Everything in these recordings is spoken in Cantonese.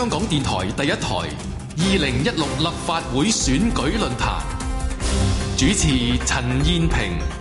香港電台第一台《二零一六立法會選舉論壇》主持陳燕萍。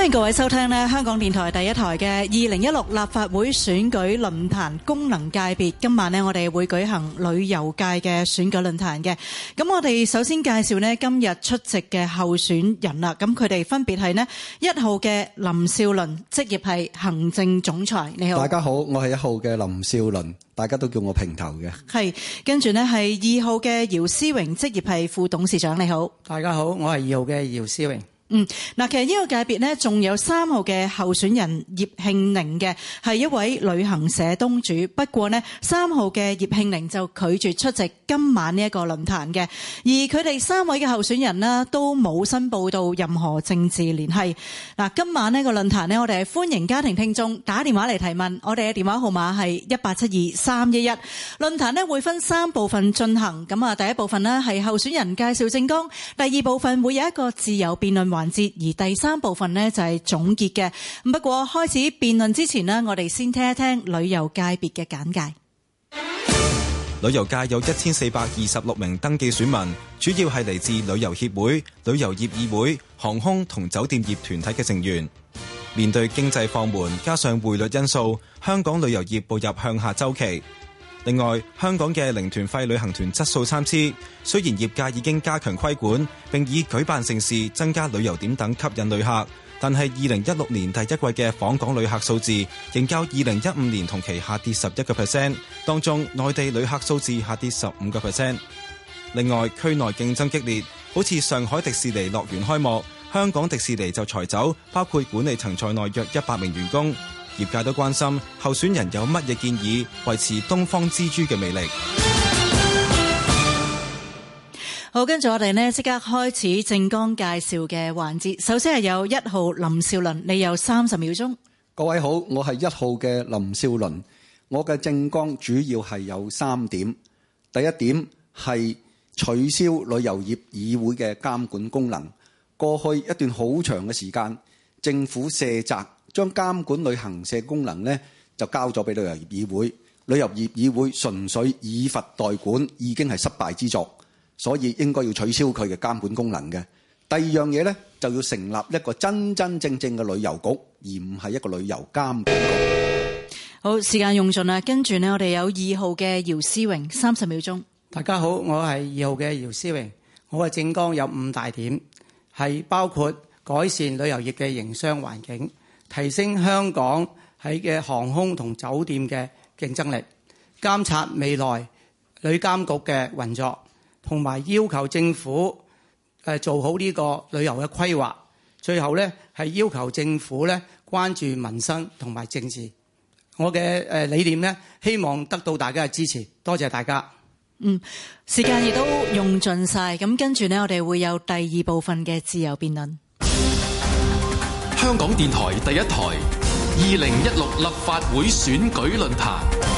歡迎各位收聽呢，香港電台第一台嘅二零一六立法會選舉論壇功能界別，今晚呢我哋會舉行旅遊界嘅選舉論壇嘅。咁我哋首先介紹呢今日出席嘅候選人啦。咁佢哋分別係呢，一號嘅林少麟，職業係行政總裁。你好，大家好，我係一號嘅林少麟，大家都叫我平頭嘅。係，跟住呢係二號嘅姚思榮，職業係副董事長。你好，大家好，我係二號嘅姚思榮。嗯，嗱，其實呢個界別咧，仲有三號嘅候選人葉慶寧嘅，係一位旅行社東主。不過咧，三號嘅葉慶寧就拒絕出席今晚呢一個論壇嘅。而佢哋三位嘅候選人呢都冇申報到任何政治聯繫。嗱，今晚呢個論壇咧，我哋歡迎家庭聽眾打電話嚟提問，我哋嘅電話號碼係一八七二三一一。論壇咧會分三部分進行，咁啊第一部分咧係候選人介紹政綱，第二部分會有一個自由辯論環環節，而第三部分呢，就係總結嘅。不過開始辯論之前呢，我哋先聽一聽旅遊界別嘅簡介。旅遊界有一千四百二十六名登記選民，主要係嚟自旅遊協會、旅遊業議會、航空同酒店業團體嘅成員。面對經濟放緩，加上匯率因素，香港旅遊業步入向下周期。另外，香港嘅零團費旅行團質素參差。雖然業界已經加強規管並以舉辦盛事、增加旅遊點等吸引旅客，但係二零一六年第一季嘅訪港旅客數字仍較二零一五年同期下跌十一個 percent，當中內地旅客數字下跌十五個 percent。另外，區內競爭激烈，好似上海迪士尼樂園開幕，香港迪士尼就裁走包括管理層在內約一百名員工。業界都關心候選人有乜嘢建議維持東方之珠嘅魅力？好，跟住我哋呢，即刻開始政綱介紹嘅環節。首先係有一號林少麟，你有三十秒鐘。各位好，我係一號嘅林少麟。我嘅政綱主要係有三點。第一點係取消旅遊業議會嘅監管功能。過去一段好長嘅時間，政府卸責。將監管旅行社功能咧，就交咗俾旅遊業議會。旅遊業議會純粹以罰代管，已經係失敗之作，所以應該要取消佢嘅監管功能嘅。第二樣嘢咧，就要成立一個真真正正嘅旅遊局，而唔係一個旅遊監管局。好，時間用盡啦，跟住呢，我哋有二號嘅姚思榮，三十秒鐘。大家好，我係二號嘅姚思榮。我嘅政綱有五大點，係包括改善旅遊業嘅營商環境。提升香港喺嘅航空同酒店嘅競爭力，監察未來旅監局嘅運作，同埋要求政府誒做好呢個旅遊嘅規劃。最後呢，係要求政府呢關注民生同埋政治。我嘅誒理念呢，希望得到大家嘅支持。多謝大家。嗯，時間亦都用盡晒，咁跟住呢，我哋會有第二部分嘅自由辯論。香港電台第一台，二零一六立法會選舉論壇。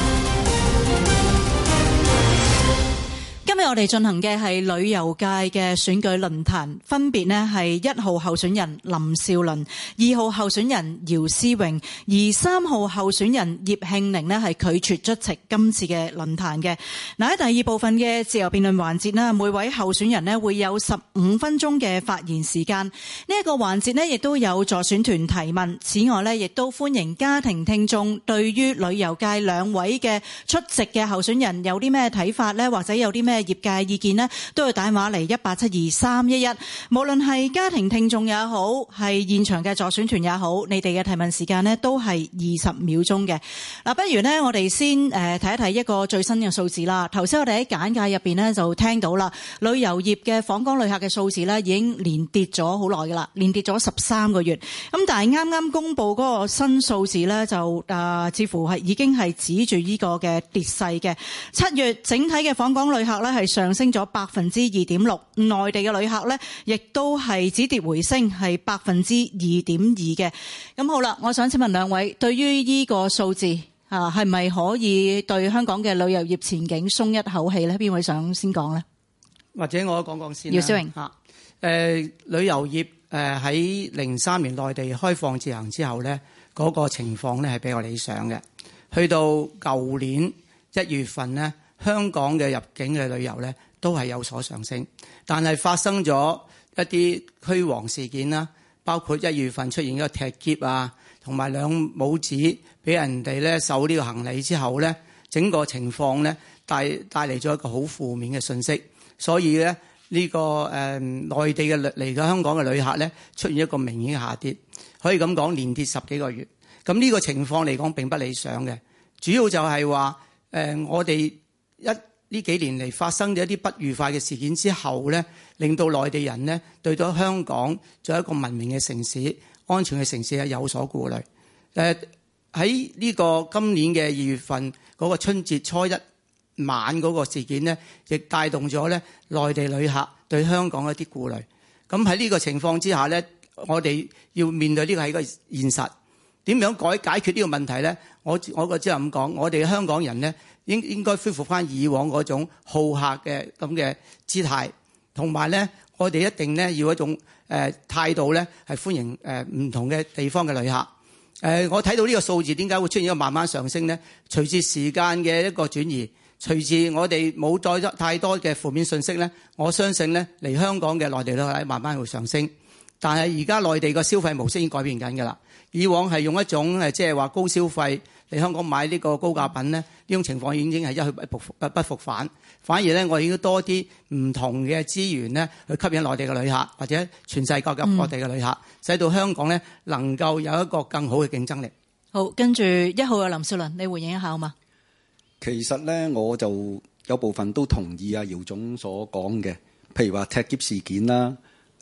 今日我哋進行嘅係旅遊界嘅選舉論壇，分別呢係一號候選人林少麟、二號候選人姚思榮，而三號候選人葉慶寧呢係拒絕出席今次嘅論壇嘅。嗱，喺第二部分嘅自由辯論環節呢，每位候選人呢會有十五分鐘嘅發言時間。呢、這、一個環節呢亦都有助選團提問。此外呢，亦都歡迎家庭聽眾對於旅遊界兩位嘅出席嘅候選人有啲咩睇法呢？或者有啲咩，業界意見咧，都有打電話嚟一八七二三一一。無論係家庭聽眾也好，係現場嘅助選團也好，你哋嘅提問時間咧都係二十秒鐘嘅。嗱、啊，不如呢，我哋先誒睇一睇一個最新嘅數字啦。頭先我哋喺簡介入邊呢，就聽到啦，旅遊業嘅訪港旅客嘅數字咧，已經連跌咗好耐噶啦，連跌咗十三個月。咁但係啱啱公布嗰個新數字呢，就誒、呃，似乎係已經係止住呢個嘅跌勢嘅。七月整體嘅訪港旅客呢。係上升咗百分之二點六，內地嘅旅客咧，亦都係止跌回升，係百分之二點二嘅。咁好啦，我想請問兩位，對於呢個數字啊，係咪可以對香港嘅旅遊業前景鬆一口氣咧？邊位想先講呢？或者我講講先說說。姚思榮吓，誒、呃，旅遊業誒喺零三年內地開放自行之後呢，嗰、那個情況呢係比較理想嘅。去到舊年一月份呢。香港嘅入境嘅旅遊呢都係有所上升，但係發生咗一啲虛黃事件啦，包括一月份出現一個踢劫啊，同埋兩母子俾人哋咧搜呢個行李之後呢，整個情況呢帶帶嚟咗一個好負面嘅信息，所以呢、這個，呢個誒內地嘅嚟到香港嘅旅客呢，出現一個明顯下跌，可以咁講連跌十幾個月，咁呢個情況嚟講並不理想嘅，主要就係話誒我哋。一呢幾年嚟發生咗一啲不愉快嘅事件之後咧，令到內地人咧對到香港作為一個文明嘅城市、安全嘅城市係有所顧慮。誒喺呢個今年嘅二月份嗰個春節初一晚嗰個事件呢亦帶動咗咧內地旅客對香港嘅一啲顧慮。咁喺呢個情況之下呢我哋要面對呢個係一個現實。點樣改解決呢個問題呢？我我個只係咁講，我哋香港人呢。應應該恢復翻以往嗰種好客嘅咁嘅姿態，同埋咧，我哋一定咧要一種誒態度咧，係歡迎誒唔同嘅地方嘅旅客。誒、呃，我睇到呢個數字點解會出現一個慢慢上升咧？隨住時間嘅一個轉移，隨住我哋冇再得太多嘅負面信息咧，我相信咧，嚟香港嘅內地旅客慢慢會上升。但係而家內地嘅消費模式已經改變緊㗎啦，以往係用一種，即係話高消費。喺香港買呢個高價品咧，呢種情況已經係一去不不不復返。反而咧，我哋要多啲唔同嘅資源咧，去吸引內地嘅旅客或者全世界各地嘅旅客，嗯、使到香港咧能夠有一個更好嘅競爭力。好，跟住一號阿林少麟，你回應一下好嘛？其實咧，我就有部分都同意阿、啊、姚總所講嘅，譬如話踢劫事件啦。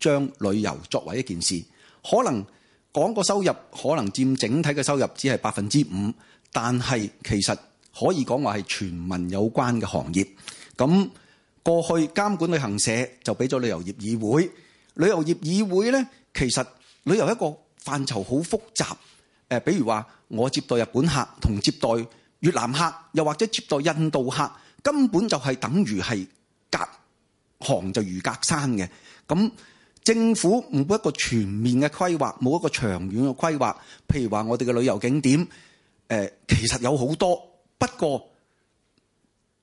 將旅遊作為一件事，可能講個收入可能佔整體嘅收入只係百分之五，但係其實可以講話係全民有關嘅行業。咁過去監管旅行社就畀咗旅遊業議會，旅遊業議會呢，其實旅遊一個範疇好複雜。誒，比如話我接待日本客同接待越南客，又或者接待印度客，根本就係等於係隔行就如隔山嘅咁。政府冇一個全面嘅規劃，冇一個長遠嘅規劃。譬如話，我哋嘅旅遊景點，呃、其實有好多，不過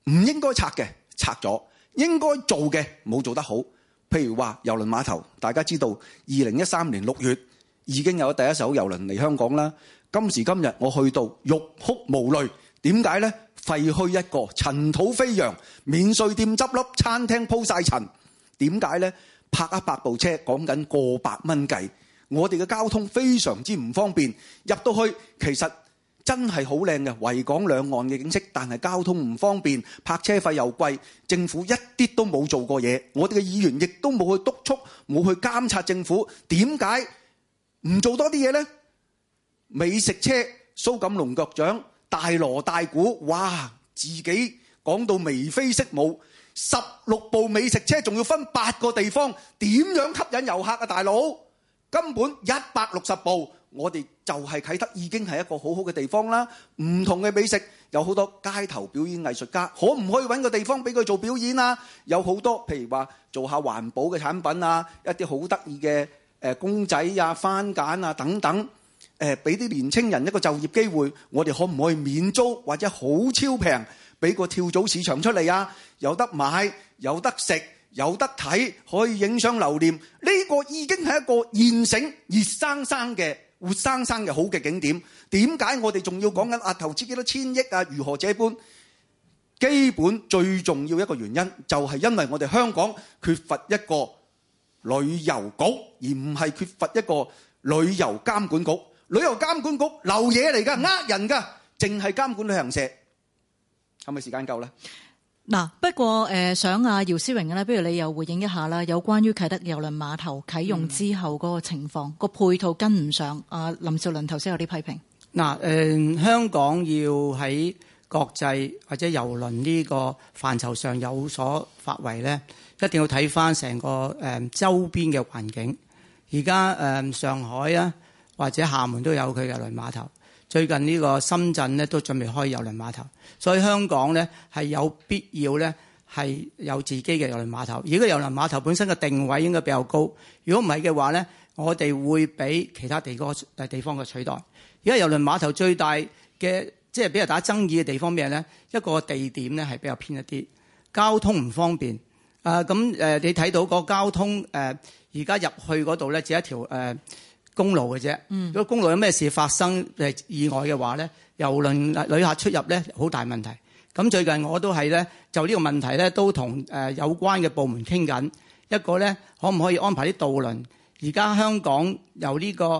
唔應該拆嘅拆咗，應該做嘅冇做得好。譬如話，郵輪碼頭，大家知道年6月，二零一三年六月已經有第一艘郵輪嚟香港啦。今時今日，我去到欲哭無淚。點解呢？廢墟一個，塵土飛揚，免稅店執笠，餐廳鋪晒塵。點解呢？拍一百部車，講緊過百蚊計。我哋嘅交通非常之唔方便，入到去其實真係好靚嘅，維港兩岸嘅景色，但係交通唔方便，泊車費又貴。政府一啲都冇做過嘢，我哋嘅議員亦都冇去督促，冇去監察政府。點解唔做多啲嘢呢？美食車、蘇錦樑局長、大鑼大鼓，哇！自己講到眉飛色舞。十六部美食車仲要分八個地方，點樣吸引遊客啊，大佬？根本一百六十部，我哋就係啟德已經係一個好好嘅地方啦。唔同嘅美食，有好多街頭表演藝術家，可唔可以揾個地方俾佢做表演啊？有好多譬如話做下環保嘅產品啊，一啲好得意嘅公仔啊、番梘啊等等，誒、呃、俾啲年青人一個就業機會，我哋可唔可以免租或者好超平？俾個跳蚤市場出嚟啊！有得買，有得食，有得睇，可以影相留念。呢個已經係一個現成、熱生生嘅、活生生嘅好嘅景點。點解我哋仲要講緊啊？投資幾多千億啊？如何這般？基本最重要一個原因，就係因為我哋香港缺乏一個旅遊局，而唔係缺乏一個旅遊監管局。旅遊監管局流嘢嚟㗎，呃人㗎，淨係監管旅行社。咁咪時間夠咧？嗱、啊，不過誒，想阿姚思榮咧，不如你又回應一下啦。有關於啟德郵輪碼頭啟用之後嗰個情況，個、嗯、配套跟唔上，阿林少麟頭先有啲批評。嗱、啊呃，香港要喺國際或者郵輪呢個範疇上有所發圍咧，一定要睇翻成個誒、呃、周邊嘅環境。而家誒上海啊，或者廈門都有佢郵輪碼頭。最近呢個深圳咧都準備開郵輪碼頭，所以香港咧係有必要咧，係有自己嘅郵輪碼頭。而家郵輪碼頭本身嘅定位應該比較高，如果唔係嘅話咧，我哋會俾其他地哥地方嘅取代。而家郵輪碼頭最大嘅即係俾人打爭議嘅地方，咩咧？一個地點咧係比較偏一啲，交通唔方便。啊、呃，咁、呃、誒，你睇到個交通誒，而家入去嗰度咧只一條誒。呃公路嘅啫，嗯、如果公路有咩事發生誒意外嘅話咧，遊輪旅客出入咧好大問題。咁最近我都係咧就呢個問題咧都同誒有關嘅部門傾緊。一個咧可唔可以安排啲渡輪？而家香港由呢、呢個誒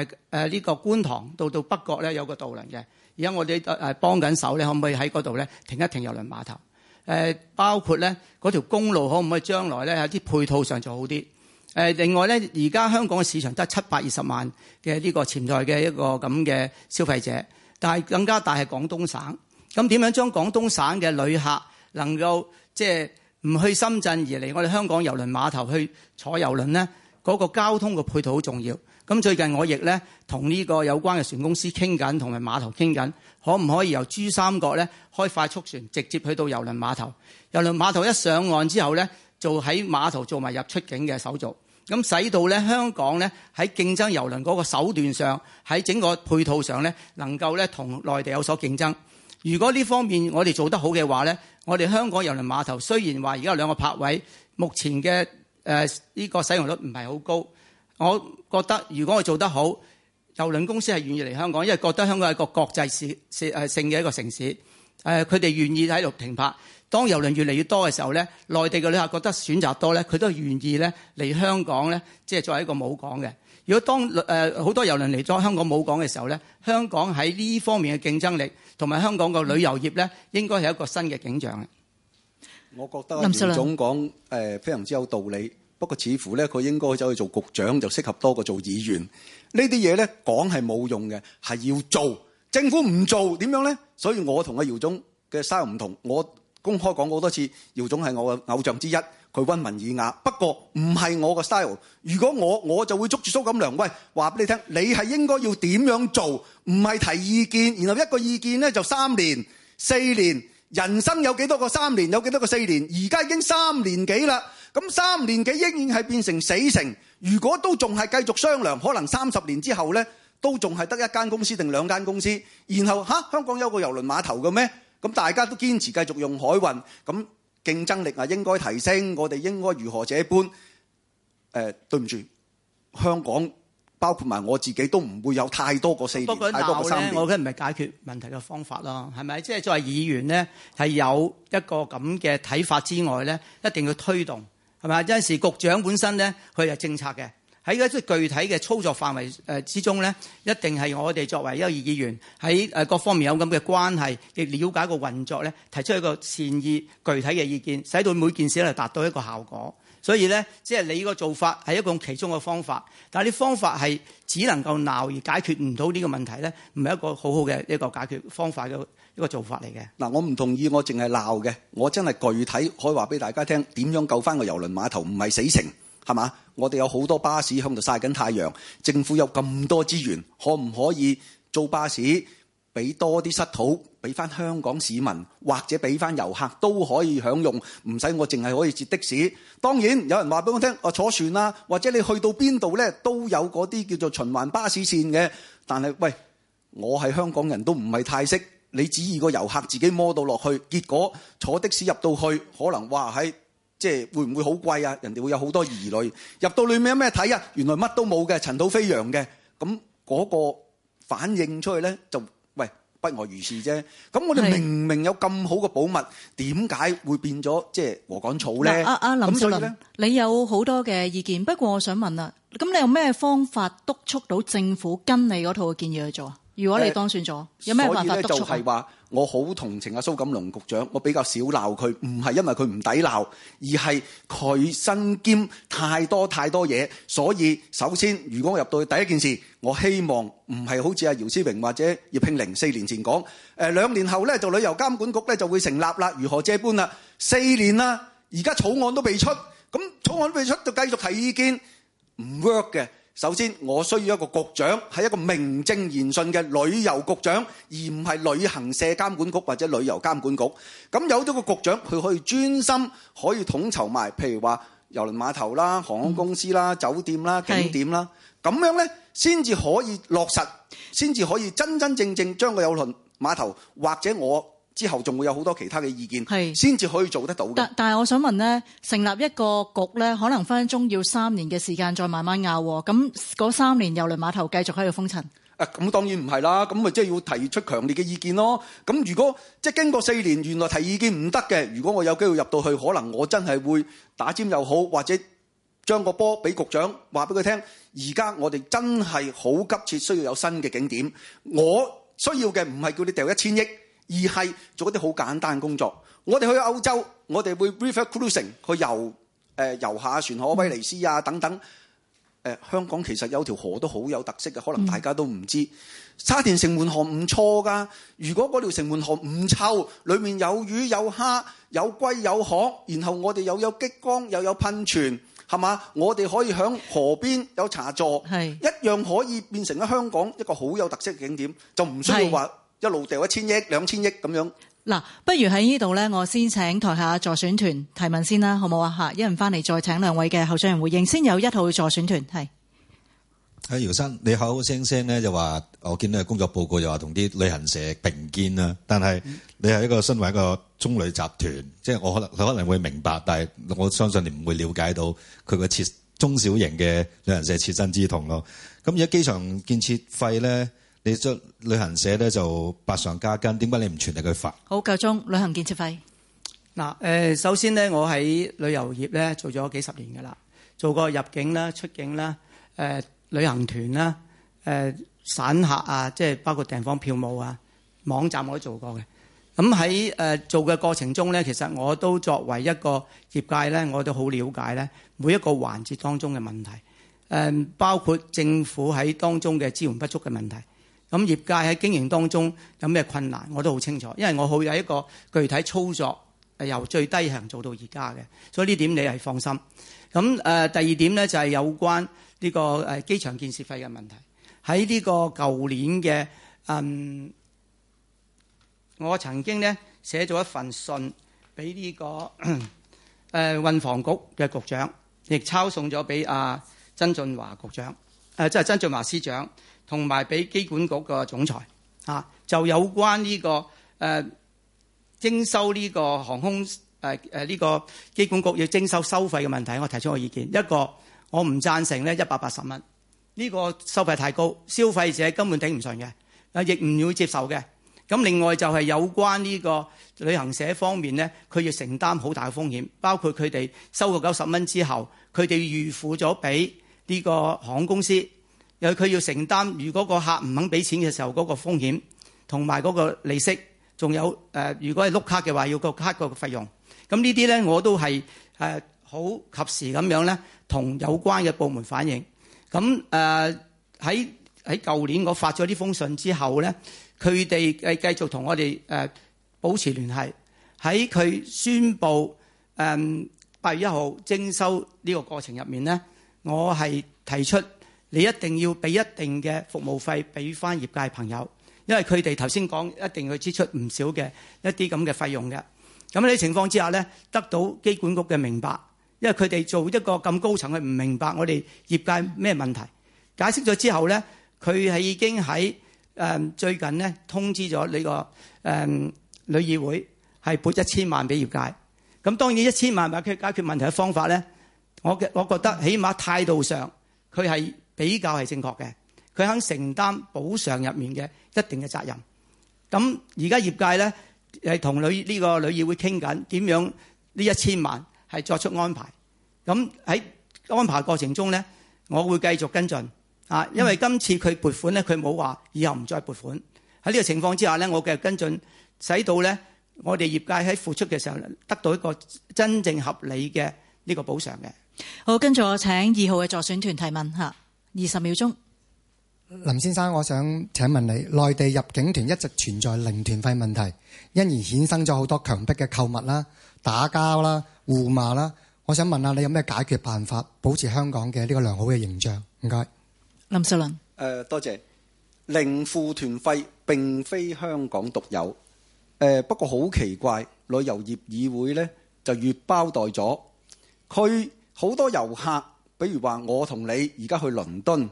呢、呃呢個觀塘到到北角咧有個渡輪嘅，而家我哋誒幫緊手咧，可唔可以喺嗰度咧停一停遊輪碼頭？誒、呃、包括咧嗰條公路可唔可以將來咧喺啲配套上做好啲？誒另外咧，而家香港嘅市場得七百二十萬嘅呢個潛在嘅一個咁嘅消費者，但係更加大係廣東省。咁點樣將廣東省嘅旅客能夠即係唔去深圳而嚟我哋香港遊輪碼頭去坐遊輪咧？嗰個交通嘅配套好重要。咁最近我亦咧同呢個有關嘅船公司傾緊，同埋碼頭傾緊，可唔可以由珠三角咧開快速船直接去到遊輪碼頭？遊輪碼頭一上岸之後咧，做喺碼頭做埋入出境嘅手續，咁使到咧香港咧喺競爭郵輪嗰個手段上，喺整個配套上咧能夠咧同內地有所競爭。如果呢方面我哋做得好嘅話咧，我哋香港郵輪碼頭雖然話而家有兩個泊位，目前嘅呢個使用率唔係好高，我覺得如果我做得好，郵輪公司係願意嚟香港，因為覺得香港係一個國際市性嘅一個城市，佢哋願意喺度停泊。當遊輪越嚟越多嘅時候咧，內地嘅旅客覺得選擇多咧，佢都願意咧嚟香港咧，即係作為一個母港嘅。如果當誒好多遊輪嚟咗香港母港嘅時候咧，香港喺呢方面嘅競爭力同埋香港嘅旅遊業咧，應該係一個新嘅景象啊！我覺得林總講誒非常之有道理，不過似乎咧佢應該走去做局長就適合多過做議員呢啲嘢咧講係冇用嘅，係要做政府唔做點樣咧？所以我同阿姚總嘅思路唔同，我，公開講過好多次，姚總係我嘅偶像之一，佢温文爾雅。不過唔係我嘅 style。如果我我就會捉住蘇錦良，喂，話俾你聽，你係應該要點樣做？唔係提意見，然後一個意見呢，就三年、四年，人生有幾多個三年？有幾多個四年？而家已經三年幾啦，咁三年幾應然係變成死城。如果都仲係繼續商量，可能三十年之後呢，都仲係得一間公司定兩間公司。然後嚇，香港有個郵輪碼頭嘅咩？咁大家都堅持繼續用海運，咁競爭力啊應該提升，我哋應該如何這般？誒、呃，對唔住，香港包括埋我自己都唔會有太多個四年，多太多個三年，我覺得唔係解決問題嘅方法咯，係咪？即、就、係、是、作為議員咧，係有一個咁嘅睇法之外咧，一定要推動，係咪？有陣時局長本身咧，佢係政策嘅。喺啲具體嘅操作範圍之中呢，一定係我哋作為優議員喺各方面有咁嘅關係，亦了解個運作呢，提出一個善意具體嘅意見，使到每件事達到一個效果。所以呢，即係你個做法係一個其中嘅方法，但係方法係只能夠鬧而解決唔到呢個問題呢，唔係一個好好嘅一個解決方法嘅一個做法嚟嘅。嗱，我唔同意，我淨係鬧嘅，我真係具體可以話俾大家聽點樣救返個郵輪碼頭，唔係死城。係嘛？我哋有好多巴士響度曬緊太陽，政府有咁多資源，可唔可以租巴士，俾多啲濕土俾翻香港市民，或者俾翻遊客都可以享用，唔使我淨係可以截的士。當然有人話俾我聽，我、啊、坐船啦、啊，或者你去到邊度呢都有嗰啲叫做循環巴士線嘅。但係喂，我係香港人都唔係太識，你指意個遊客自己摸到落去，結果坐的士入到去，可能話係。即係會唔會好貴啊？人哋會有好多疑慮，入到裏面有咩睇啊？原來乜都冇嘅，塵土飛揚嘅，咁嗰個反映出去咧就，喂，不外如是啫。咁我哋明明有咁好嘅寶物，點解會變咗即係禾杆草咧？啊，啊，林少麟咧，咁所以咧，你有好多嘅意見。不過我想問啦，咁你有咩方法督促到政府跟你嗰套建議去做啊？如果你當選咗，有咩辦法督促？就係話。我好同情阿蘇錦龍局長，我比較少鬧佢，唔係因為佢唔抵鬧，而係佢身兼太多太多嘢，所以首先，如果我入到去第一件事，我希望唔係好似阿姚思榮或者葉慶寧四年前講，誒兩年後咧就旅遊監管局咧就會成立啦，如何這般啦？四年啦，而家草案都未出，咁草案都未出就繼續提意見，唔 work 嘅。首先，我需要一個局長，係一個名正言順嘅旅遊局長，而唔係旅行社監管局或者旅遊監管局。咁有咗個局長，佢可以專心，可以統籌埋，譬如話郵輪碼頭啦、航空公司啦、嗯、酒店啦、景點啦，是咁樣呢，先至可以落實，先至可以真真正正將個郵輪碼頭或者我。之後仲會有好多其他嘅意見，係先至可以做得到嘅。但但係我想問呢，成立一個局呢，可能分分鐘要三年嘅時間再慢慢拗。咁嗰三年遊輪碼頭繼續喺度封塵。誒、啊，咁、嗯、當然唔係啦。咁咪即係要提出強烈嘅意見咯。咁、嗯、如果即係經過四年，原來提意見唔得嘅，如果我有機會入到去，可能我真係會打尖又好，或者將個波俾局長話俾佢聽。而家我哋真係好急切需要有新嘅景點。我需要嘅唔係叫你掉一千億。而係做一啲好簡單的工作。我哋去歐洲，我哋會 river cruising 去遊誒遊下船河，威尼斯啊等等，呃。香港其實有條河都好有特色嘅，可能大家都唔知，沙田城門河唔錯㗎。如果嗰條城門河唔臭，裏面有魚有蝦有龜有殼，然後我哋又有激光又有噴泉，係嘛？我哋可以喺河邊有茶座，係是一樣可以變成香港一個好有特色嘅景點，就唔需要話。一路掉一千億、兩千億咁樣。嗱、啊，不如喺呢度咧，我先請台下助選團提問先啦，好唔好啊？吓，一人翻嚟再請兩位嘅候選人回應。先有一號助選團係。喺、啊、姚先生，你口口聲聲咧就話，我見到工作報告又話同啲旅行社並肩啊，但係、嗯、你係一個身為一個中旅集團，即係我可能你可能會明白，但係我相信你唔會了解到佢個切中小型嘅旅行社切身之痛咯。咁而家機場建設費咧。你做旅行社咧就百上加斤，點解你唔全力去罰？好，夠鐘旅行建設費。嗱，誒，首先咧，我喺旅遊業咧做咗幾十年㗎喇，做過入境啦、出境啦、誒、呃、旅行團啦、誒、呃、散客啊，即係包括訂房票務啊、網站我都做過嘅。咁喺誒做嘅過程中咧，其實我都作為一個業界咧，我都好了解咧每一個環節當中嘅問題，誒包括政府喺當中嘅資源不足嘅問題。咁業界喺經營當中有咩困難，我都好清楚，因為我好有一個具體操作，由最低層做到而家嘅，所以呢點你係放心。咁第二點呢，就係有關呢個誒機場建設費嘅問題。喺呢個舊年嘅嗯，我曾經呢寫咗一份信俾呢個誒運房局嘅局長，亦抄送咗俾阿曾俊華局長，誒即係曾俊華司長。同埋俾機管局個總裁嚇，就有關呢、這個誒、啊、徵收呢個航空誒誒呢個機管局要徵收收費嘅問題，我提出個意見。一個我唔贊成呢，一百八十蚊呢個收費太高，消費者根本頂唔順嘅，亦唔會接受嘅。咁另外就係有關呢個旅行社方面呢，佢要承擔好大嘅風險，包括佢哋收個九十蚊之後，佢哋預付咗俾呢個航空公司。有佢要承擔，如果個客唔肯俾錢嘅時候，嗰個風險同埋嗰個利息，仲有誒，如果係碌卡嘅話，要個卡個費用。咁呢啲咧，我都係誒好及時咁樣咧，同有關嘅部門反映。咁誒喺喺舊年我發咗呢封信之後咧，佢哋誒繼續同我哋誒保持聯繫。喺佢宣布誒八月一號徵收呢個過程入面咧，我係提出。你一定要俾一定嘅服務費俾翻業界朋友，因為佢哋頭先講一定要支出唔少嘅一啲咁嘅費用嘅。咁呢啲情況之下咧，得到機管局嘅明白，因為佢哋做一個咁高層嘅唔明白我哋業界咩問題。解釋咗之後咧，佢係已經喺最近咧通知咗呢、那個誒、呃、女議會係撥一千萬俾業界。咁當然一千萬唔係解決問題嘅方法咧。我嘅我覺得起碼態度上佢係，比較係正確嘅，佢肯承擔補償入面嘅一定嘅責任。咁而家業界咧係同女呢這個女議會傾緊點樣呢一千萬係作出安排。咁喺安排過程中咧，我會繼續跟進。啊，因為今次佢撥款咧，佢冇話以後唔再撥款。喺呢個情況之下咧，我繼續跟進，使到咧我哋業界喺付出嘅時候得到一個真正合理嘅呢個補償嘅。好，跟住我請二號嘅助選團提問吓。二十秒鐘，林先生，我想請問你，內地入境團一直存在零團費問題，因而衍生咗好多強迫嘅購物啦、打交啦、互罵啦。我想問下你有咩解決辦法，保持香港嘅呢個良好嘅形象？唔該，林少麟，誒、呃，多謝零付團費並非香港獨有，誒，不過好奇怪，旅遊業議會呢就越包袋咗，佢好多遊客。比如話，我同你而家去倫敦，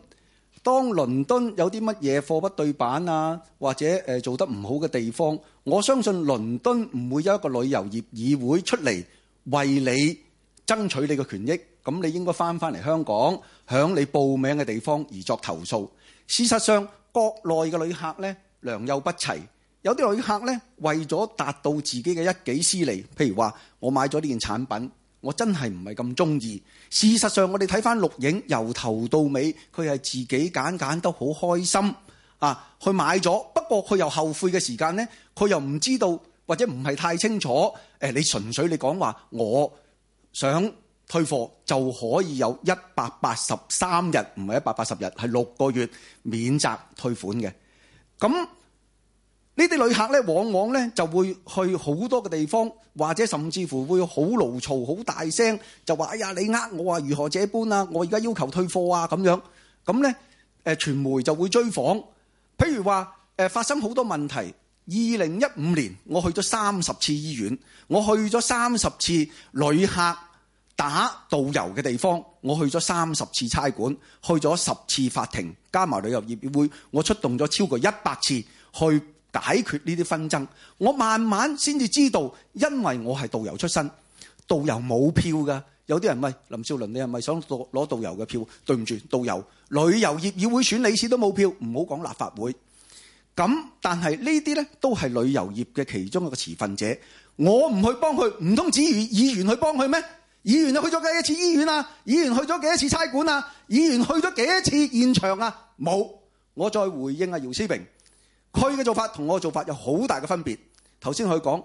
當倫敦有啲乜嘢貨不對版啊，或者誒做得唔好嘅地方，我相信倫敦唔會有一個旅遊業議會出嚟為你爭取你嘅權益。咁你應該返返嚟香港，響你報名嘅地方而作投訴。事實上，國內嘅旅客呢，良莠不齊，有啲旅客呢為咗達到自己嘅一己私利，譬如話我買咗呢件產品。我真係唔係咁鍾意。事實上，我哋睇返錄影，由頭到尾佢係自己揀揀都好開心啊，佢買咗。不過佢又後悔嘅時間呢，佢又唔知道或者唔係太清楚、呃。你純粹你講話，我想退貨就可以有一百八十三日，唔係一百八十日，係六個月免責退款嘅咁。呢啲旅客往往咧就會去好多嘅地方，或者甚至乎會好牢嘈、好大聲，就話：哎呀，你呃我啊，如何這般啊？我而家要求退貨啊，咁樣咁呢，誒，傳媒就會追訪。譬如話、呃，發生好多問題。二零一五年，我去咗三十次醫院，我去咗三十次旅客打導遊嘅地方，我去咗三十次差館，去咗十次法庭，加埋旅遊業協會，我出動咗超過一百次去。解決呢啲紛爭，我慢慢先至知道，因為我係導遊出身，導遊冇票噶。有啲人咪林少麟：你係咪想攞攞導遊嘅票？對唔住，導遊旅遊業議會選理事都冇票，唔好講立法會。咁但係呢啲呢，都係旅遊業嘅其中一個持份者，我唔去幫佢，唔通指議議員去幫佢咩？議員去咗幾多次醫院啊？議員去咗幾多次差館啊？議員去咗幾多次現場啊？冇，我再回應啊，姚思榮。佢嘅做法同我嘅做法有好大嘅分別。頭先佢講，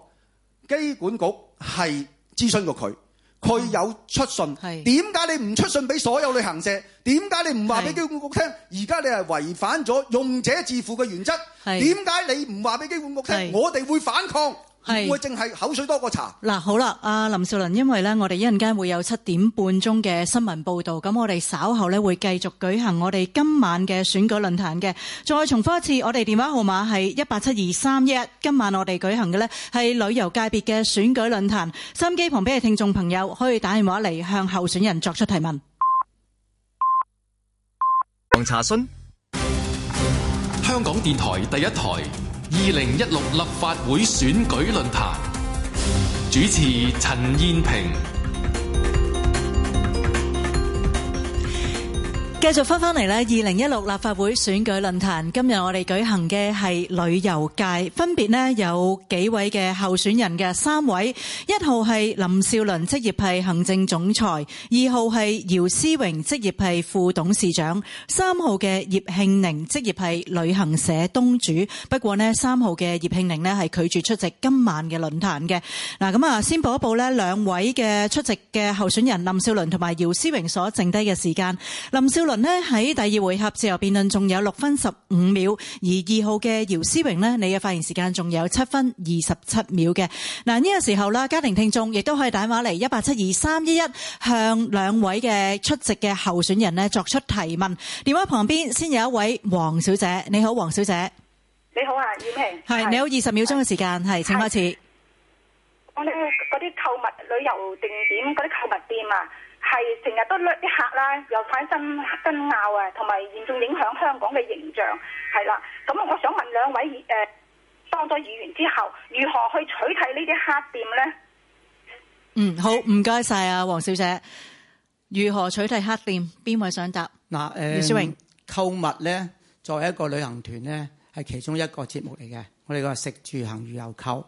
機管局係諮詢過佢，佢有出信。點解、啊、你唔出信俾所有旅行社？點解你唔話俾機管局聽？而家是你係違反咗用者自負嘅原則。點解是你唔話俾機管局聽？是我哋會反抗。是會唔會淨係口水多過茶？嗱、嗯，好啦，啊林少麟，因為咧，我哋一陣間會有七點半鐘嘅新聞報道，咁我哋稍後咧會繼續舉行我哋今晚嘅選舉論壇嘅。再重複一次，我哋電話號碼係一八七二三一。今晚我哋舉行嘅呢係旅遊界別嘅選舉論壇。收音機旁邊嘅聽眾朋友可以打電話嚟向候選人作出提問。王查詢香港電台第一台。二零一六立法會選舉論壇主持陳燕萍。繼續返返嚟呢，二零一六立法會選舉論壇，今日我哋舉行嘅係旅遊界，分別呢有幾位嘅候選人嘅三位，一號係林少麟，職業係行政總裁；二號係姚思榮，職業係副董事長；三號嘅葉慶寧，職業係旅行社東主。不過呢，三號嘅葉慶寧呢係拒絕出席今晚嘅論壇嘅。嗱，咁啊，先報一報呢，兩位嘅出席嘅候選人林少麟同埋姚思榮所剩低嘅時間，林少麟。咧喺第二回合自由辯論，仲有六分十五秒；而二號嘅姚思榮呢，你嘅發言時間仲有七分二十七秒嘅。嗱、這、呢個時候啦，家庭聽眾亦都可以打電話嚟一八七二三一一，向兩位嘅出席嘅候選人呢作出提問。電話旁邊先有一位黃小姐，你好，黃小姐。你好啊，燕萍，係你好，二十秒鐘嘅時間，係是請開始。我哋嗰啲購物旅遊定點嗰啲購物店啊。係成日都甩啲客啦，又產生爭拗啊，同埋嚴重影響香港嘅形象，係啦。咁、嗯、我想問兩位誒，當咗議員之後，如何去取締呢啲黑店咧？嗯，好，唔該晒啊，黃小姐。如何取締黑店？邊位想答？嗱、嗯，誒，姚思榮，購物咧，作為一個旅行團咧，係其中一個節目嚟嘅。我哋個食住行遊購，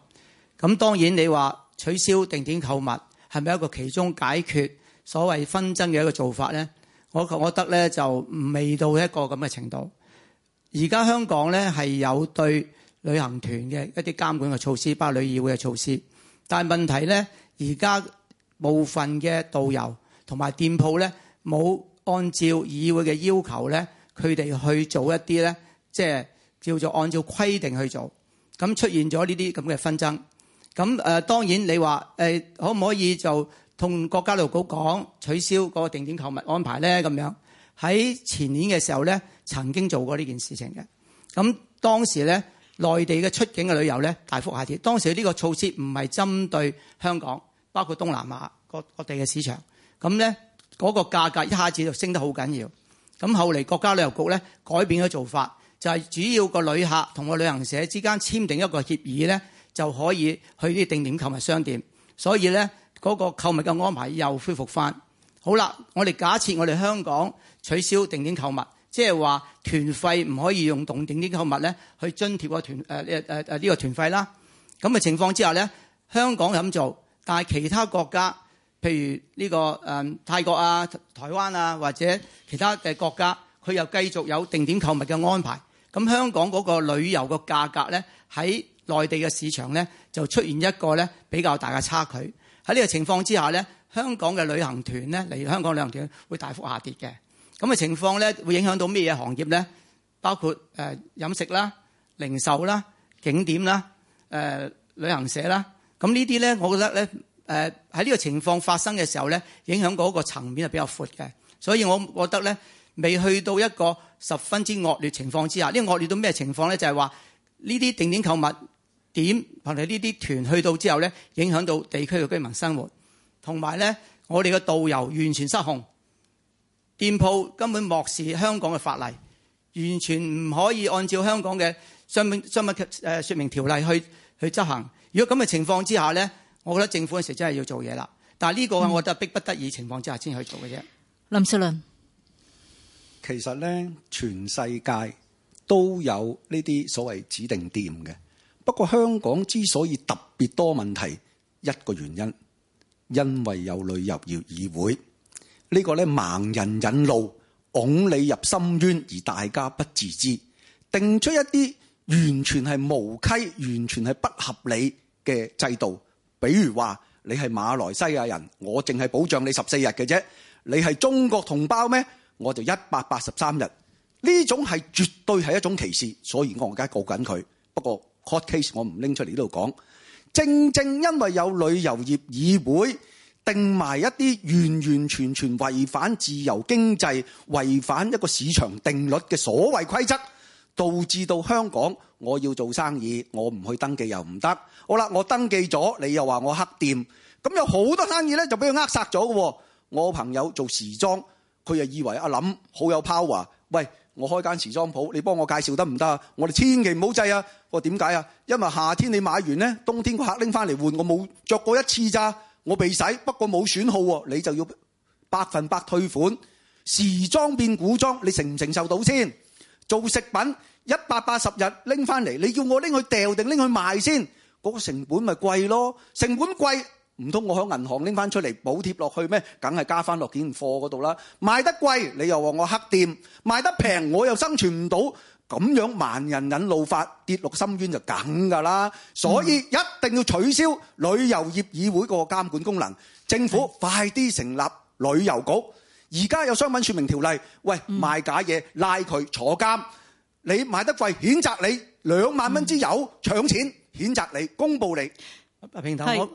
咁，當然你話取消定點購物係咪一個其中解決？所謂紛爭嘅一個做法咧，我覺得咧就未到一個咁嘅程度。而家香港咧係有對旅行團嘅一啲監管嘅措施，包括旅議會嘅措施。但係問題咧，而家部分嘅導遊同埋店鋪咧，冇按照議會嘅要求咧，佢哋去做一啲咧，即係叫做按照規定去做。咁出現咗呢啲咁嘅紛爭。咁誒當然你話誒可唔可以就？同國家旅遊局講取消個定點購物安排咧，咁樣喺前年嘅時候咧，曾經做過呢件事情嘅。咁當時咧，內地嘅出境嘅旅遊咧大幅下跌。當時呢個措施唔係針對香港，包括東南亞各各地嘅市場。咁咧，嗰個價格一下子就升得好緊要。咁後嚟國家旅遊局咧改變咗做法，就係主要個旅客同個旅行社之間簽訂一個協議咧，就可以去啲定點購物商店。所以咧。嗰個購物嘅安排又恢復翻。好啦，我哋假設我哋香港取消定點購物，即係話團費唔可以用定點啲購物咧去津貼個團誒誒誒呢個團費啦。咁嘅情況之下咧，香港咁做，但係其他國家譬如呢、這個誒、呃、泰國啊、台灣啊或者其他嘅國家，佢又繼續有定點購物嘅安排。咁香港嗰個旅遊個價格咧喺內地嘅市場咧就出現一個咧比較大嘅差距。喺呢個情況之下咧，香港嘅旅行團咧嚟香港旅行團會大幅下跌嘅。咁嘅情況咧，會影響到咩嘢行業咧？包括誒飲食啦、零售啦、景點啦、誒、呃、旅行社啦。咁呢啲咧，我覺得咧，誒喺呢個情況發生嘅時候咧，影響嗰個層面係比較闊嘅。所以，我覺得咧，未去到一個十分之惡劣的情況之下，呢、呢個惡劣到咩情況咧？就係話呢啲定點購物。點同你呢啲團去到之後咧，影響到地區嘅居民生活，同埋咧，我哋嘅導遊完全失控，店鋪根本漠視香港嘅法例，完全唔可以按照香港嘅商品商品誒說明條例去去執行。如果咁嘅情況之下咧，我覺得政府嗰時真係要做嘢啦。但係呢個我覺得係逼不得已情況之下先去做嘅啫。林少麟，其實咧，全世界都有呢啲所謂指定店嘅。不過香港之所以特別多問題，一個原因，因為有旅遊業議會呢個咧盲人引路，拱你入深淵而大家不自知，定出一啲完全係無稽、完全係不合理嘅制度。比如話你係馬來西亞人，我淨係保障你十四日嘅啫，你係中國同胞咩？我就一百八十三日，呢種係絕對係一種歧視，所以我而家告緊佢。不過，hot case 我唔拎出嚟呢度講，正正因為有旅遊業議會定埋一啲完完全全違反自由經濟、違反一個市場定律嘅所謂規則，導致到香港我要做生意，我唔去登記又唔得。好啦，我登記咗，你又話我黑店，咁有好多生意呢就俾佢扼殺咗嘅。我朋友做時裝，佢又以為阿林好有 power，喂。我開間時裝鋪，你幫我介紹得唔得啊？我哋千祈唔好制啊！我點解啊？因為夏天你買完咧，冬天個客拎翻嚟換，我冇著過一次咋，我未洗，不過冇損耗喎，你就要百分百退款。時裝變古裝，你承唔承受到先？做食品一百八十日拎翻嚟，你要我拎去掉定拎去賣先？嗰個成本咪貴咯？成本貴。唔通我喺銀行拎翻出嚟補貼落去咩？梗係加翻落件貨嗰度啦。賣得貴，你又話我黑店；賣得平，我又生存唔到。咁樣盲人引路法跌落深淵就梗㗎啦。所以一定要取消旅遊業議會個監管功能，政府快啲成立旅遊局。而家有商品説明條例，喂，賣假嘢拉佢坐監。你賣得貴，譴責你兩萬蚊之油搶錢，譴責你公佈你。平頭，是我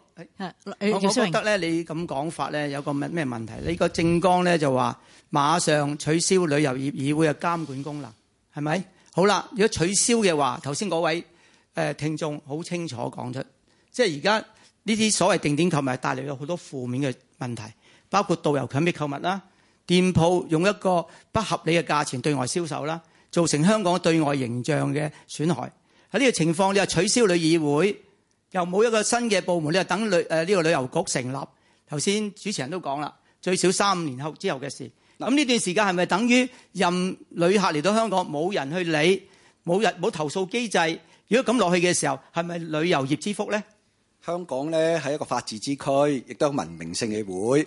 我覺得咧、嗯，你咁講法咧，有個咩問題？你個政綱咧就話馬上取消旅遊業議會嘅監管功能，係咪？好啦，如果取消嘅話，頭先嗰位誒、呃、聽眾好清楚講出，即係而家呢啲所謂定點購物，帶嚟咗好多負面嘅問題，包括導遊強迫購物啦，店鋪用一個不合理嘅價錢對外銷售啦，造成香港對外形象嘅損害。喺呢個情況，你話取消旅議會？又冇一個新嘅部門咧，等旅誒呢個旅遊局成立。頭先主持人都講啦，最少三五年後之後嘅事。咁呢段時間係咪等於任旅客嚟到香港冇人去理，冇人冇投訴機制？如果咁落去嘅時候，係咪旅遊業之福咧？香港咧係一個法治之區，亦都文明社會。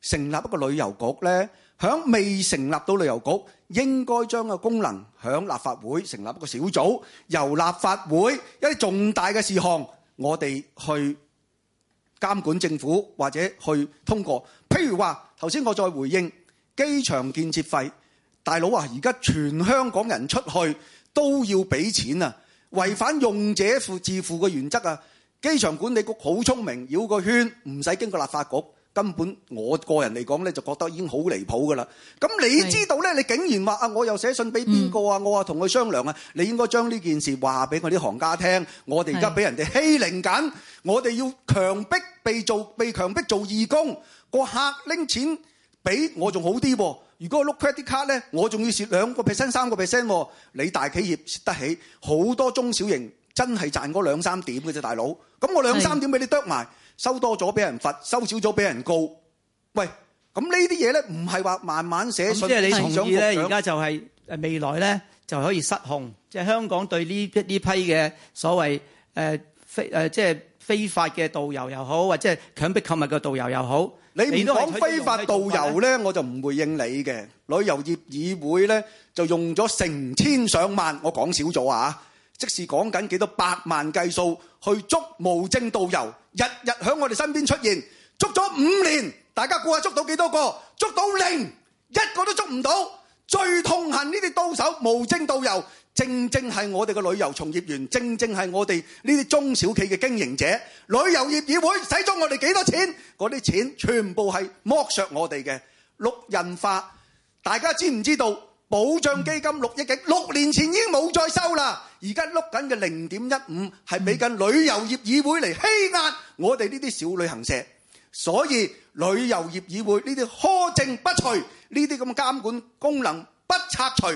成立一個旅遊局呢，響未成立到旅遊局，應該將個功能響立法會成立一個小組，由立法會一啲重大嘅事項，我哋去監管政府或者去通過。譬如話，頭先我再回應機場建設費，大佬啊，而家全香港人出去都要俾錢啊，違反用者自付嘅原則啊！機場管理局好聰明，繞個圈唔使經過立法局。根本我個人嚟講咧，就覺得已經好離譜噶啦。咁你知道咧，你竟然話啊，我又寫信俾邊個啊？我話同佢商量啊，你應該將呢件事話俾我啲行家聽。我哋而家俾人哋欺凌緊，我哋要強逼被做被強逼做義工，個客拎錢俾我仲好啲。如果我碌 credit card 咧，我仲要蝕兩個 percent 三個 percent。你大企業蝕得起，好多中小型真係賺嗰兩三點嘅啫，大佬。咁我兩三點俾你剁埋。收多咗俾人罰，收少咗俾人告。喂，咁呢啲嘢咧，唔係話慢慢寫信，係想復港。即係你同意咧，而家就係誒未來咧，就可以失控。即係香港對呢呢批嘅所謂誒非誒即係非法嘅導遊又好，或者強迫購物嘅導遊又好。你連講非法導遊咧，我就唔回應你嘅旅遊業議會咧，就用咗成千上萬，我講少咗啊！即是講緊幾多百萬計數去捉無證導遊，日日響我哋身邊出現，捉咗五年，大家估下捉到幾多個？捉到零一個都捉唔到。最痛恨呢啲刀手無證導遊，正正係我哋嘅旅遊從業員，正正係我哋呢啲中小企嘅經營者。旅遊業議會使咗我哋幾多錢？嗰啲錢全部係剝削我哋嘅六人化。大家知唔知道保障基金六億幾？六年前已經冇再收啦。而家碌緊嘅零點一五係俾緊旅遊業議會嚟欺壓我哋呢啲小旅行社，所以旅遊業議會呢啲苛政不除，呢啲咁嘅監管功能不拆除。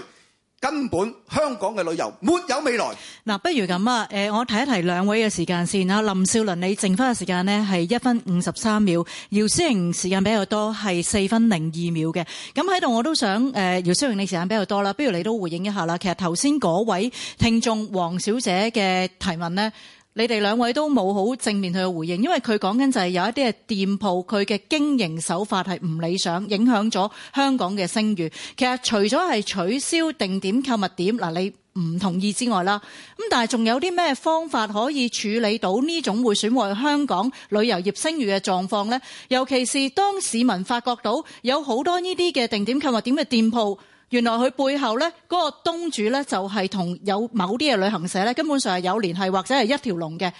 根本香港嘅旅遊沒有未來。嗱、啊，不如咁啊，我提一提兩位嘅時間先啊。林少麟，你剩翻嘅時間呢係一分五十三秒；姚思榮時間比較多，係四分零二秒嘅。咁喺度我都想、呃、姚思榮你時間比較多啦，不如你都回應一下啦。其實頭先嗰位聽眾黃小姐嘅提問呢。你哋兩位都冇好正面去回應，因為佢講緊就係有一啲嘅店鋪，佢嘅經營手法係唔理想，影響咗香港嘅聲譽。其實除咗係取消定點購物點，嗱，你唔同意之外啦，咁但係仲有啲咩方法可以處理到呢種會損害香港旅遊業聲譽嘅狀況呢？尤其是當市民發覺到有好多呢啲嘅定點購物點嘅店鋪。原來佢背後咧嗰個東主咧就係同有某啲嘅旅行社咧根本上係有聯繫或者係一條龍嘅，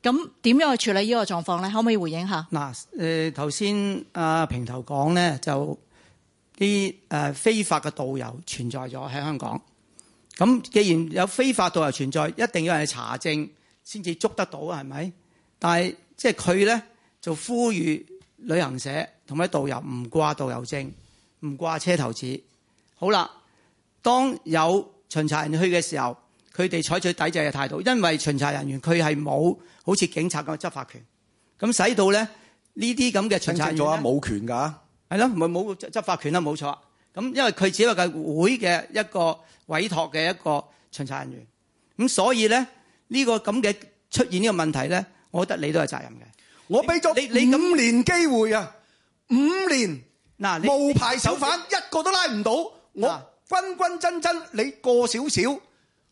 咁點樣去處理呢個狀況咧？可唔可以回應下？嗱，誒頭先阿平頭講咧就啲誒非法嘅導遊存在咗喺香港，咁既然有非法導遊存在，一定要係查證先至捉得到，係咪？但係即係佢咧就呼籲旅行社同埋導遊唔掛導遊證，唔掛車頭紙。好啦，當有巡查人去嘅時候，佢哋採取抵制嘅態度，因為巡查人員佢係冇好似警察咁嘅執法權，咁使到咧呢啲咁嘅巡查員冇，啊，權噶，啊，係咯，唔係冇執執法權啦，冇錯。咁因為佢只不過係會嘅一個委託嘅一個巡查人員，咁所以咧呢，這個咁嘅出現呢個問題咧，我覺得你都係責任嘅。你我俾咗你五年機會啊，五年，嗱，啊，冒牌手法一個都拉唔到。我真真真真，你過少少。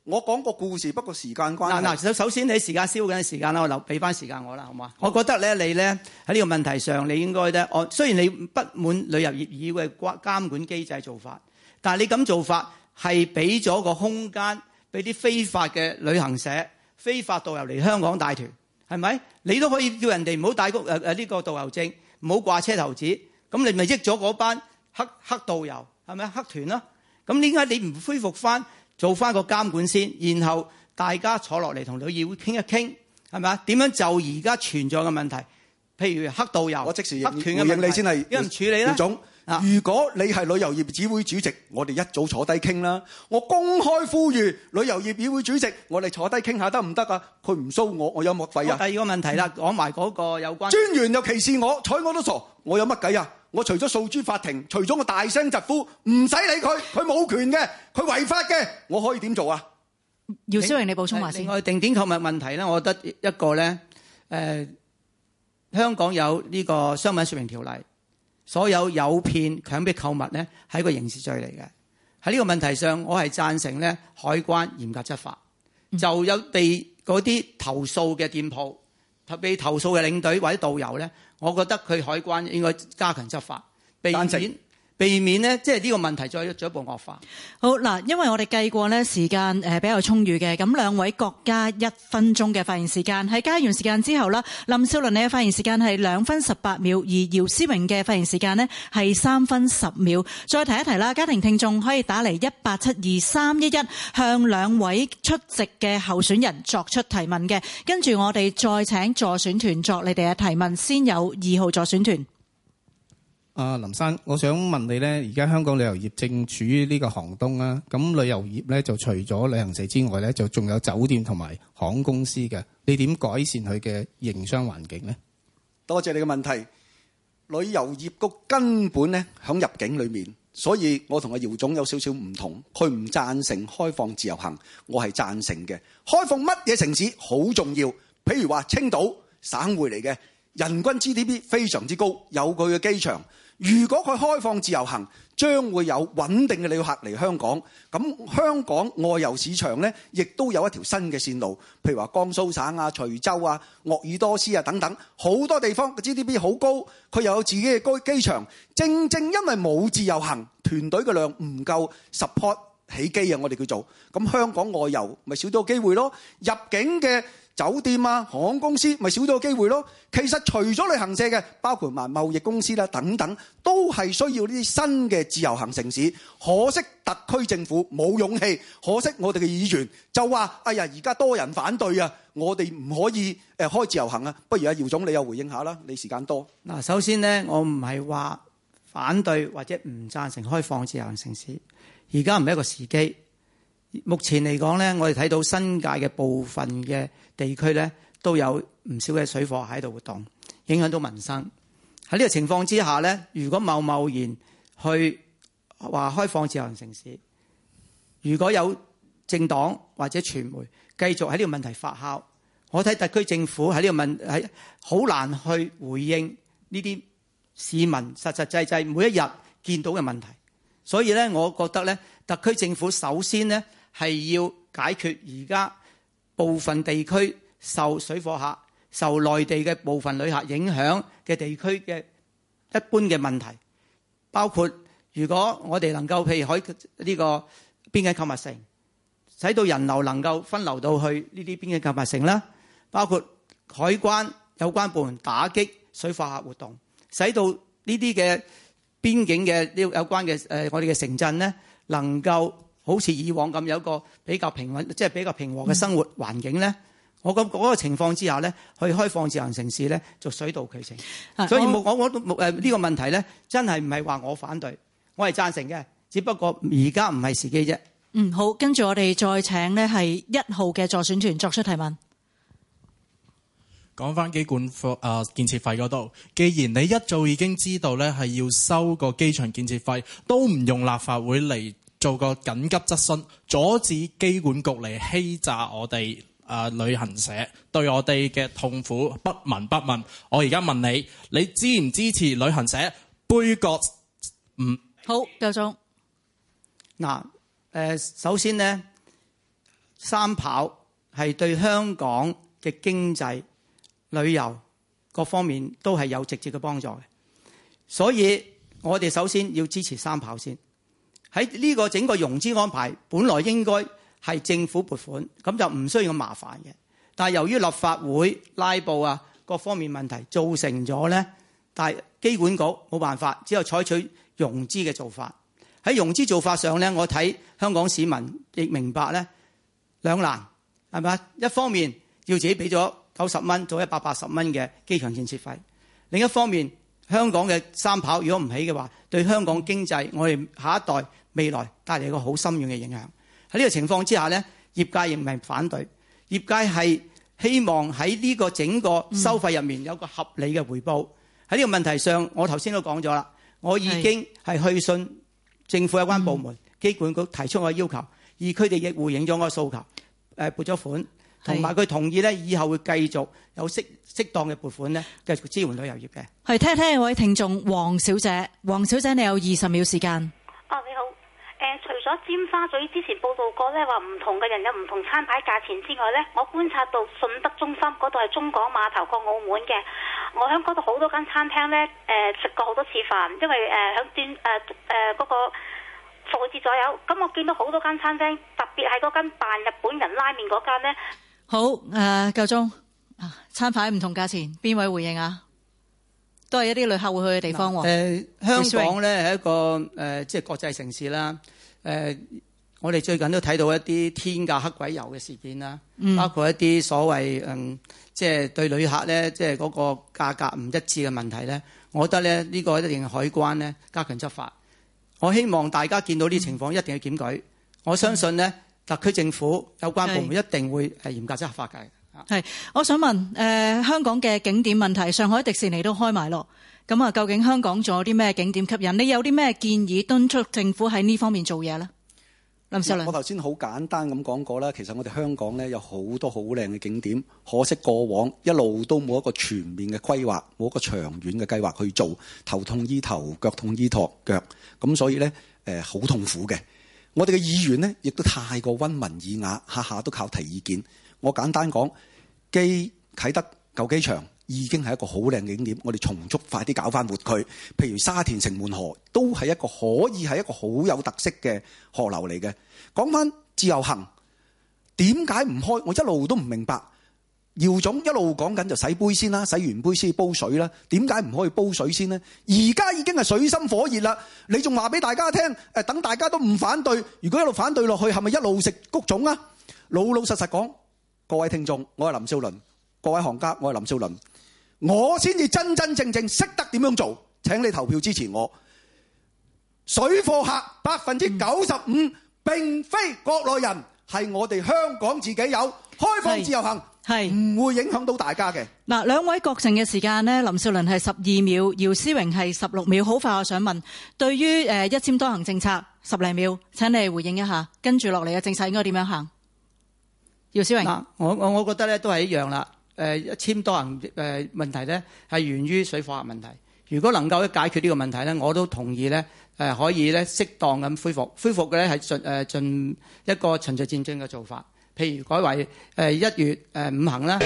我講個故事，不過時間關係。嗱嗱，首首先你喺時間燒緊時間啦，我留俾翻時間我啦，好嘛？好，我覺得咧，你咧喺呢個問題上，你應該咧，我雖然你不滿旅遊業嘅監管機制做法，但係你咁做法係俾咗個空間俾啲非法嘅旅行社、非法導遊嚟香港帶團，係咪？你都可以叫人哋唔好帶個誒呢個導遊證，唔好掛車頭紙，咁你咪益咗嗰班黑黑導遊。係咪黑團啦，咁點解你唔恢復翻做翻個監管先？然後大家坐落嚟同旅遊業議會傾一傾，係咪啊？點樣就而家存在嘅問題？譬如黑導遊、我即時黑團先樣，邊人處理啦，胡總，如果你係旅遊業議會主席，我哋一早坐低傾啦。我公開呼籲旅遊業議會主席，我哋坐低傾下得唔得啊？佢唔騷我，我有莫費啊。第二個問題啦，講埋嗰個有關專員又歧視我，睬我都傻，我有乜計啊？我除咗訴諸法庭，除咗我大聲疾呼，唔使理佢，佢冇權嘅，佢違法嘅，我可以點做啊？姚思榮，你補充下先。定點購物問題咧，我覺得一個咧，誒、呃，香港有呢個商品説明條例，所有誘騙、強迫購物咧，係一個刑事罪嚟嘅。喺呢個問題上，我係贊成咧，海關嚴格執法，就有被嗰啲投訴嘅店鋪，被投訴嘅領隊或者導遊咧。我覺得佢海關應該加強執法，避免。避免咧，即係呢個問題再進一步惡化。好嗱，因為我哋計過咧時間，誒比較充裕嘅，咁兩位各加一分鐘嘅發言時間。喺加完時間之後啦，林少麟你嘅發言時間係兩分十八秒，而姚思榮嘅發言時間咧係三分十秒。再提一提啦，家庭聽眾可以打嚟一八七二三一一向兩位出席嘅候選人作出提問嘅。跟住我哋再請助選團作你哋嘅提問，先有二號助選團。啊，林生，我想問你呢。而家香港旅遊業正處於呢個寒冬啦。咁旅遊業呢，就除咗旅行社之外呢，就仲有酒店同埋航空公司嘅。你點改善佢嘅營商環境呢？多謝你嘅問題。旅遊業個根本呢，喺入境裏面，所以我同阿姚總有少少唔同。佢唔贊成開放自由行，我係贊成嘅。開放乜嘢城市好重要？譬如話青島，省會嚟嘅，人均 GDP 非常之高，有佢嘅機場。如果佢開放自由行，將會有穩定嘅旅客嚟香港，咁香港外遊市場呢，亦都有一條新嘅線路，譬如話江蘇省啊、徐州啊、鄂爾多斯啊等等，好多地方 GDP 好高，佢又有自己嘅高機場，正正因為冇自由行，團隊嘅量唔夠 support 起機啊，我哋叫做，咁香港外遊咪少咗個機會咯，入境嘅。酒店啊，航空公司咪少咗個機會咯。其實除咗旅行社嘅，包括埋貿易公司啦等等，都係需要呢啲新嘅自由行城市。可惜特區政府冇勇氣，可惜我哋嘅議員就話：哎呀，而家多人反對啊，我哋唔可以誒開自由行啊。不如阿姚總，你又回應下啦，你時間多。嗱，首先呢，我唔係話反對或者唔贊成開放自由行城市，而家唔係一個時機。目前嚟講咧，我哋睇到新界嘅部分嘅地區咧，都有唔少嘅水貨喺度活動，影響到民生。喺呢個情況之下咧，如果貿貿然去話開放自由行城市，如果有政黨或者傳媒繼續喺呢個問題發酵，我睇特區政府喺呢個問，喺好難去回應呢啲市民實實際際每一日見到嘅問題。所以咧，我覺得咧，特區政府首先咧，係要解決而家部分地區受水貨客、受內地嘅部分旅客影響嘅地區嘅一般嘅問題，包括如果我哋能夠譬如喺呢個邊境購物城，使到人流能夠分流到去呢啲邊境購物城啦；包括海關有關部門打擊水貨客活動，使到呢啲嘅邊境嘅呢有關嘅誒我哋嘅城鎮咧能夠。好似以往咁有個比較平穩，即係比較平和嘅生活環境咧、嗯。我咁嗰個情況之下咧，去開放自由行城市咧，就水到渠成。是所以我我誒呢、呢個問題咧，真係唔係話我反對，我係贊成嘅，只不過而家唔係時機啫。嗯，好，跟住我哋再請咧係一號嘅助選團作出提問。講翻機管啊、呃、建設費嗰度，既然你一早已經知道咧係要收個機場建設費，都唔用立法會嚟，做個緊急質詢，阻止機管局嚟欺詐我哋、呃、旅行社，對我哋嘅痛苦不聞不問。我而家問你，你支唔支持旅行社杯葛？唔、嗯、好，教授。嗱，首先呢，三跑係對香港嘅經濟、旅遊各方面都係有直接嘅幫助嘅，所以我哋首先要支持三跑先。喺呢個整個融資安排，本來應該係政府撥款，咁就唔需要咁麻煩嘅。但由於立法會拉布啊，各方面問題造成咗呢，但係機管局冇辦法，只有採取融資嘅做法。喺融資做法上呢，我睇香港市民亦明白呢兩難，係咪？一方面要自己俾咗九十蚊到一百八十蚊嘅機場建設費，另一方面香港嘅三跑如果唔起嘅話，對香港經濟，我哋下一代未來帶嚟一個好深遠嘅影響。喺呢個情況之下，呢業界亦唔係反對，業界係希望喺呢個整個收費入面有一個合理嘅回報。喺呢個問題上，我頭先都講咗啦，我已經係去信政府有關部門，機管局提出我嘅要求，而佢哋亦回應咗我嘅訴求，誒撥咗款，同埋佢同意呢以後會繼續有息。適當嘅撥款呢，繼續支援旅遊業嘅。係，聽聽有位聽眾黃小姐，黃小姐你有二十秒時間。啊，你好。呃、除咗尖沙咀之前報道過呢話唔同嘅人有唔同餐牌價錢之外呢，我觀察到信德中心嗰度係中港碼頭過澳門嘅。我喺嗰度好多間餐廳呢，食、呃、過好多次飯，因為誒喺端嗰個數字左右。咁我見到好多間餐廳，特別係嗰間扮日本人拉麵嗰間呢。好，誒夠鐘。餐牌唔同價錢，邊位回應啊？都係一啲旅客會去嘅地方喎、呃呃。香港咧係一個即係、呃就是、國際城市啦、呃。我哋最近都睇到一啲天價黑鬼遊嘅事件啦，包括一啲所謂即係、呃就是、對旅客咧，即係嗰個價格唔一致嘅問題咧。我覺得咧，呢個一定海關咧加強執法。我希望大家見到呢情況，一定要檢舉。我相信呢，特區政府有關部門一定會嚴格執行法嘅。係，我想問，誒、呃，香港嘅景點問題，上海迪士尼都開埋咯，咁啊，究竟香港仲有啲咩景點吸引？你有啲咩建議敦促政府喺呢方面做嘢呢？林少麟，我頭先好簡單咁講過啦，其實我哋香港呢，有好多好靚嘅景點，可惜過往一路都冇一個全面嘅規劃，冇一個長遠嘅計劃去做，頭痛醫頭，腳痛醫托腳，咁所以呢，誒、呃，好痛苦嘅。我哋嘅議員呢，亦都太過温文爾雅，下下都靠提意見。我簡單講，機啟德舊機場已經係一個好靚景點，我哋重足快啲搞翻活佢。譬如沙田城門河都係一個可以係一個好有特色嘅河流嚟嘅。講翻自由行，點解唔開？我一路都唔明白。姚總一路講緊就洗杯先啦，洗完杯先煲水啦。點解唔可以煲水先呢？而家已經係水深火熱啦，你仲話俾大家聽？誒，等大家都唔反對，如果一路反對落去，係咪一路食谷種啊？老老實實講。各位聽眾，我係林少麟；各位行家，我係林少麟。我先至真真正正識得點樣做，請你投票支持我。水貨客百分之九十五並非國內人，係我哋香港自己有開放自由行，係唔會影響到大家嘅。嗱，兩位各剩嘅時間咧，林少麟係十二秒，姚思榮係十六秒，好快。我想問，對於誒一簽多行政策十零秒，請你回應一下，跟住落嚟嘅政策應該點樣行？姚思榮，我我我覺得咧都係一樣啦。一千多人誒問題咧係源於水貨客問題。如果能夠解決呢個問題咧，我都同意咧可以咧適當咁恢復，恢復嘅咧係進一個循序漸進嘅做法。譬如改為一月五行啦。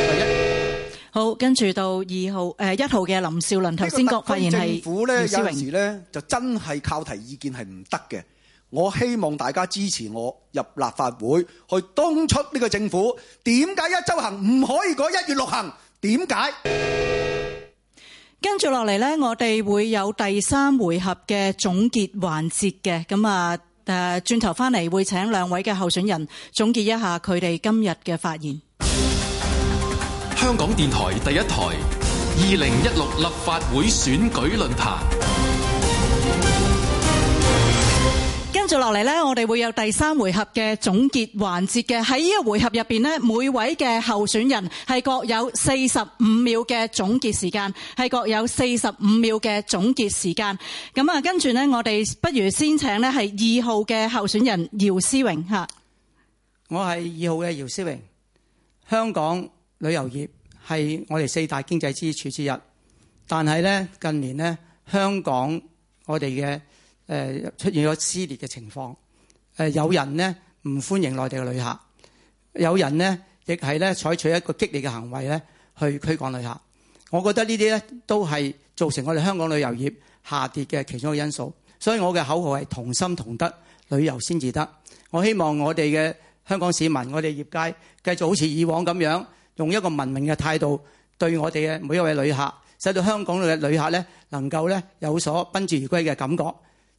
好，跟住到二號一號嘅林少麟頭先講，發現係政府咧有時咧就真係靠提意見係唔得嘅。我希望大家支持我入立法會，去督促呢個政府。點解一周行唔可以改一月六行？點解？跟住落嚟呢，我哋會有第三回合嘅總結環節嘅。咁啊，誒，轉頭翻嚟會請兩位嘅候選人總結一下佢哋今日嘅發言。香港電台第一台二零一六立法會選舉論壇。接落嚟呢，我哋會有第三回合嘅總結環節嘅。喺呢一回合入邊呢，每位嘅候選人係各有四十五秒嘅總結時間，係各有四十五秒嘅總結時間。咁啊，跟住呢，我哋不如先請呢係二號嘅候選人姚思榮吓。我係二號嘅姚思榮。香港旅遊業係我哋四大經濟支柱之一，但係呢，近年呢，香港我哋嘅。誒出現咗撕裂嘅情況。誒有人呢唔歡迎內地嘅旅客，有人呢亦係咧採取一個激烈嘅行為咧去驅趕旅客。我覺得呢啲咧都係造成我哋香港旅遊業下跌嘅其中一個因素。所以我嘅口號係同心同德，旅遊先至得。我希望我哋嘅香港市民、我哋業界繼續好似以往咁樣，用一個文明嘅態度對我哋嘅每一位旅客，使到香港嘅旅客咧能夠咧有所賓至如歸嘅感覺。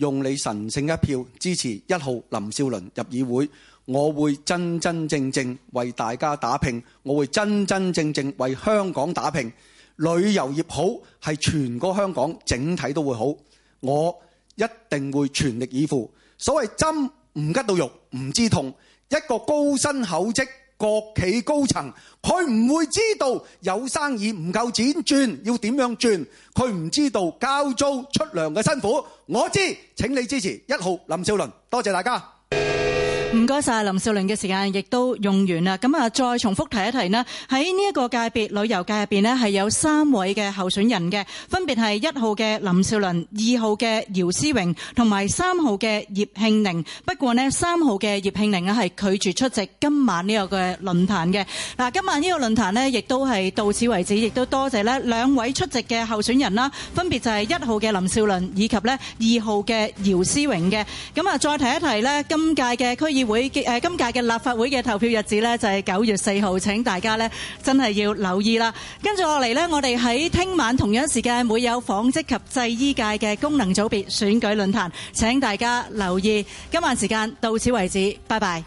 用你神聖一票支持一號林少麟入議會，我會真真正正為大家打拼，我會真真正正為香港打拼。旅遊業好，係全個香港整體都會好，我一定會全力以赴。所謂針唔吉到肉，唔知痛，一個高薪厚職。國企高層，佢唔會知道有生意唔夠錢轉，要點樣轉，佢唔知道交租出糧嘅辛苦。我知，請你支持一號林少麟，多謝大家。唔該曬，林少麟嘅時間亦都用完啦。咁啊，再重複提一提啦，喺呢一個界別旅遊界入邊咧，係有三位嘅候選人嘅，分別係一號嘅林少麟、二號嘅姚思榮同埋三號嘅葉慶寧。不過咧，三號嘅葉慶寧咧係拒絕出席今晚呢個嘅論壇嘅。嗱，今晚呢個論壇咧，亦都係到此為止，亦都多謝咧兩位出席嘅候選人啦，分別就係一號嘅林少麟以及咧二號嘅姚思榮嘅。咁啊，再提一提咧，今屆嘅區議會誒，今屆嘅立法會嘅投票日子呢，就係九月四號，請大家呢，真係要留意啦。跟住落嚟呢，我哋喺聽晚同樣時間會有紡織及製衣界嘅功能組別選舉論壇，請大家留意。今晚時間到此為止，拜拜。